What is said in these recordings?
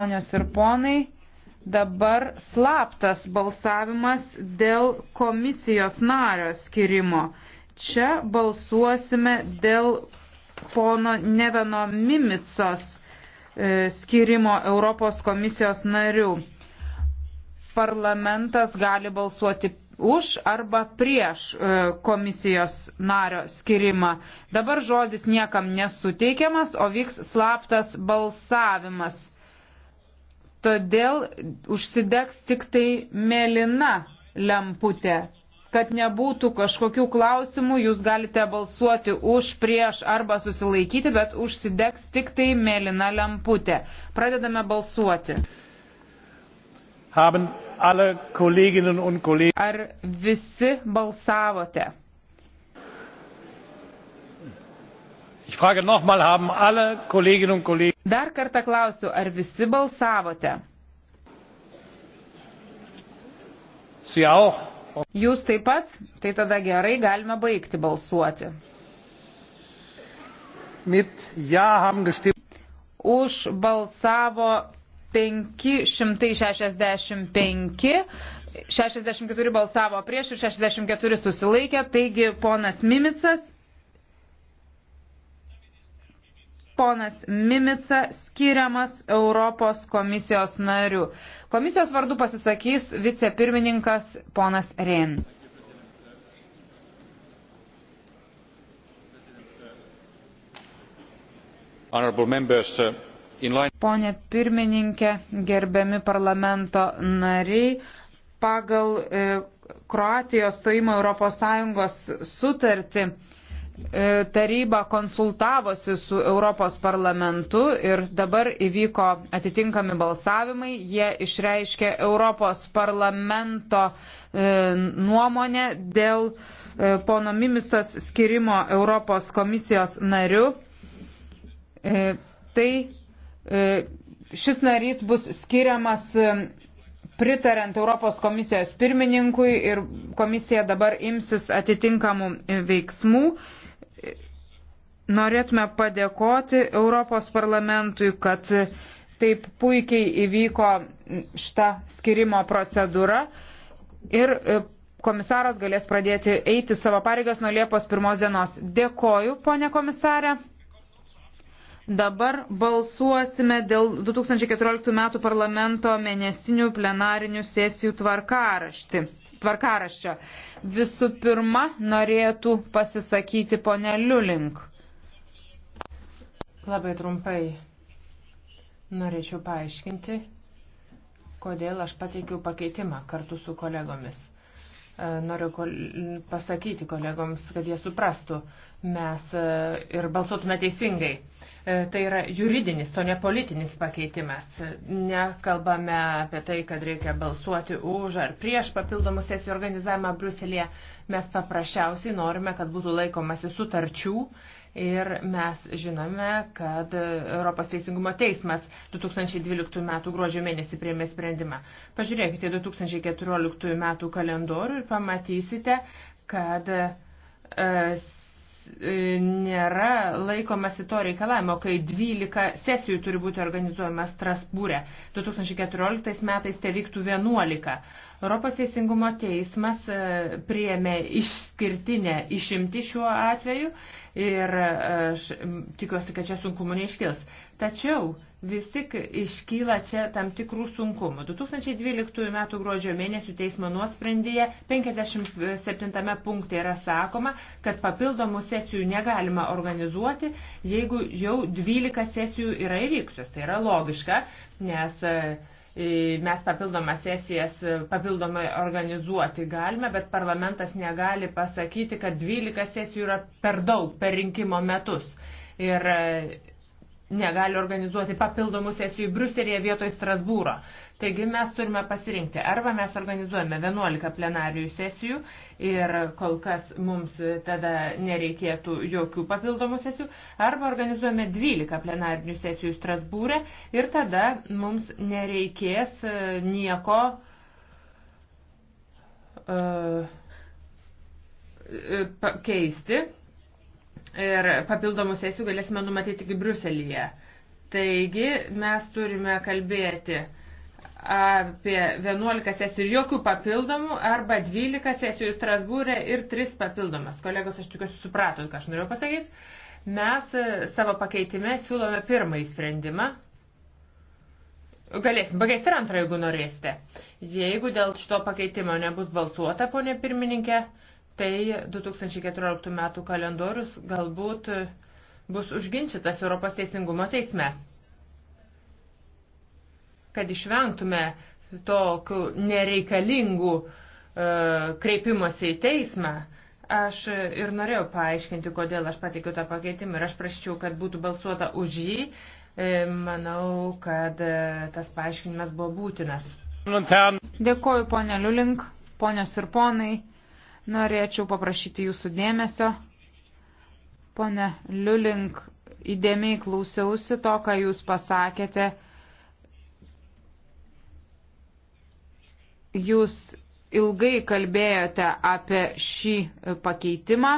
Ponios ir ponai, dabar slaptas balsavimas dėl komisijos nario skirimo. Čia balsuosime dėl pono Neveno Mimicos e, skirimo Europos komisijos narių. Parlamentas gali balsuoti už arba prieš e, komisijos nario skirimą. Dabar žodis niekam nesuteikiamas, o vyks slaptas balsavimas. Todėl užsidegs tik tai mėlyna lemputė. Kad nebūtų kažkokių klausimų, jūs galite balsuoti už, prieš arba susilaikyti, bet užsidegs tik tai mėlyna lemputė. Pradedame balsuoti. Haben alle Kolleginnen und Kollegen. Ar visi balsavote? Dar kartą klausiu, ar visi balsavote? Jūs taip pat? Tai tada gerai, galime baigti balsuoti. Už balsavo 565, 64 balsavo prieš ir 64 susilaikė, taigi ponas Mimicas ponas Mimica skiriamas Europos komisijos nariu. Komisijos vardu pasisakys vicepirmininkas ponas Ren. Uh, Pone pirmininkė, gerbiami parlamento nariai, pagal e, Kroatijos stojimo Europos Sąjungos sutartį E, taryba konsultavosi su Europos parlamentu ir dabar įvyko atitinkami balsavimai. Jie išreiškė Europos parlamento e, nuomonę dėl e, pono Mimisos skirimo Europos komisijos nariu. Tai šis narys bus skiriamas pritarant Europos komisijos pirmininkui ir komisija dabar imsis atitinkamų veiksmų norėtume padėkoti Europos parlamentui, kad taip puikiai įvyko šita skirimo procedūra ir e, komisaras galės pradėti eiti savo pareigas nuo Liepos pirmos dienos. Dėkoju, ponė komisarė. Dabar balsuosime dėl 2014 metų parlamento mėnesinių plenarinių sesijų tvarkaraštį tvarkaraščio. Visų pirma, norėtų pasisakyti ponė Liulink. Labai trumpai norėčiau paaiškinti, kodėl aš pateikiau pakeitimą kartu su kolegomis. E, noriu kol pasakyti kolegoms, kad jie suprastų, mes e, ir balsuotume teisingai. E, tai yra juridinis, o ne politinis pakeitimas. Nekalbame apie tai, kad reikia balsuoti už ar prieš papildomų sesijų organizavimą Bruselėje. Mes paprasčiausiai norime, kad būtų laikomasi sutarčių ir mes žinome, kad Europos Teisingumo teismas 2012 m. gruodžio mėnesį priėmė sprendimą. Pažiūrėkite 2014 m. kalendorių ir pamatysite, kad e, E, nėra laikomasi to reikalavimo, kai 12 sesijų turi būti organizuojama Strasbūrė. 2014 metais te vyktų 11. Europos Teisingumo teismas e, priėmė išskirtinę išimti šiuo atveju ir e, aš tikiuosi, kad čia sunkumų neiškils. Tačiau vis tik iškyla čia tam tikrų sunkumų. 2012 m. gruodžio mėnesių teismo nuosprendyje 57 punkte yra sakoma, kad papildomų sesijų negalima organizuoti, jeigu jau 12 sesijų yra įvykusios. Tai yra logiška, nes e, mes papildomas sesijas e, papildomai organizuoti galime, bet parlamentas negali pasakyti, kad 12 sesijų yra per daug per rinkimo metus. Ir e, negali organizuoti papildomų sesijų Bruselėje vietoj Strasbūro. Taigi mes turime pasirinkti. Arba mes organizuojame 11 plenarijų sesijų ir kol kas mums tada nereikėtų jokių papildomų sesijų, arba organizuojame 12 plenarinių sesijų Strasbūrė ir tada mums nereikės e, nieko. Uh, keisti, ir papildomų sesijų galėsime numatyti tik Bruselėje. Taigi mes turime kalbėti apie 11 sesijų ir jokių papildomų arba 12 sesijų Strasbūrė ir 3 papildomas. Kolegos, aš tikiuosi supratot, ką aš norėjau pasakyti. Mes e, savo pakeitime siūlome pirmąjį sprendimą. Galėsim pakeisti ir antrą, jeigu norėsite. Jeigu dėl šito pakeitimo nebus balsuota, ponė pirmininkė, tai 2014 metų kalendorius galbūt bus užginčytas Europos teisingumo teisme. Kad išvengtume tokių nereikalingų e, kreipimosi į teismą, aš ir norėjau paaiškinti, kodėl aš patikiu tą pakeitimą ir aš praščiau, kad būtų balsuota už jį. E, manau, kad e, tas paaiškinimas buvo būtinas. Dėkoju, ponė Liulink, ponios ir ponai. Norėčiau paprašyti jūsų dėmesio. Pone Liulink, įdėmiai klausiausi to, ką jūs pasakėte. Jūs ilgai kalbėjote apie šį pakeitimą,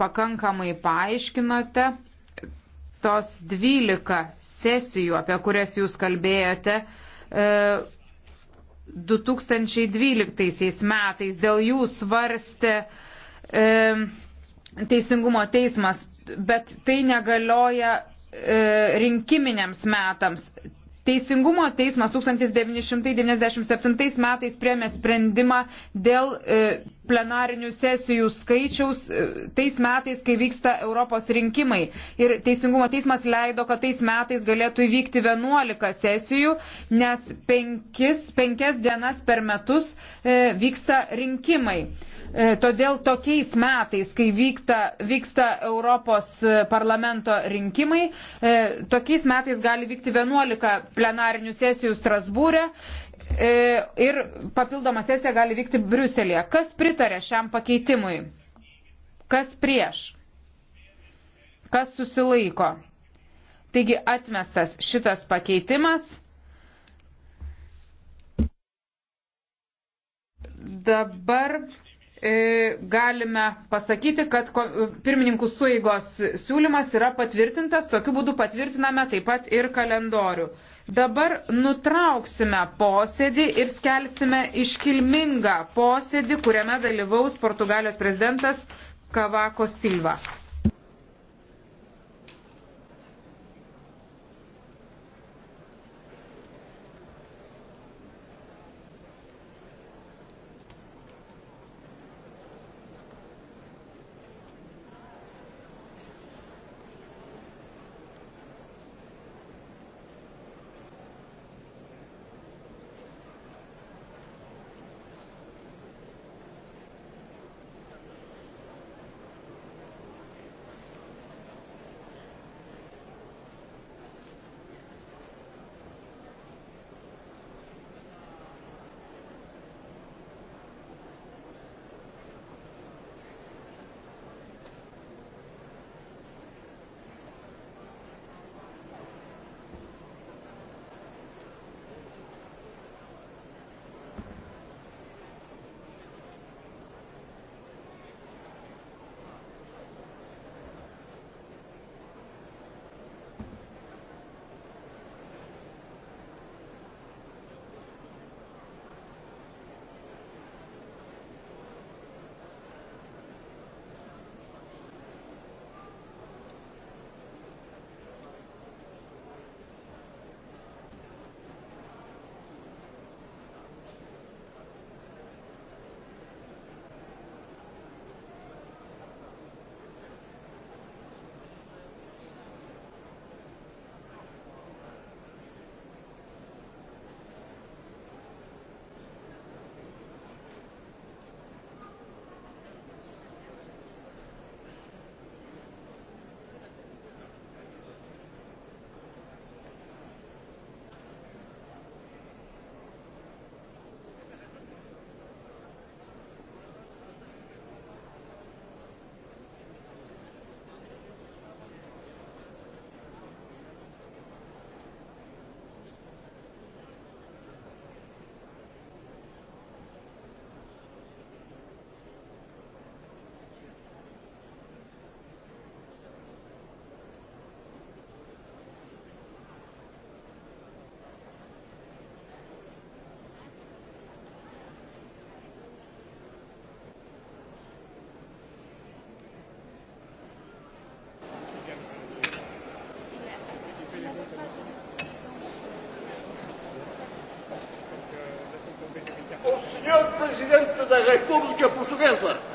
pakankamai paaiškinote tos 12 sesijų, apie kurias jūs kalbėjote. E, 2012 metais. Dėl jų svarstė e, Teisingumo teismas, bet tai negalioja e, rinkiminiams metams. Teisingumo teismas 1997 metais priemė sprendimą dėl e, plenarinių sesijų skaičiaus e, tais metais, kai vyksta Europos rinkimai. Ir Teisingumo teismas leido, kad tais metais galėtų įvykti 11 sesijų, nes 5 dienas per metus e, vyksta rinkimai. E, todėl tokiais metais, kai vyksta, vyksta Europos parlamento rinkimai, e, tokiais metais gali vykti 11 plenarinių sesijų Strasbūrė e, ir papildoma sesija gali vykti Briuselėje. Kas pritarė šiam pakeitimui? Kas prieš? Kas susilaiko? Taigi atmestas šitas pakeitimas. Dabar E, galime pasakyti, kad pirmininkų suigos siūlymas yra patvirtintas, tokiu būdu patvirtiname taip pat ir kalendorių. Dabar nutrauksime posėdį ir skelsime iškilmingą posėdį, kuriame dalyvaus Portugalijos prezidentas Kavako Silva. Presidente da República Portuguesa.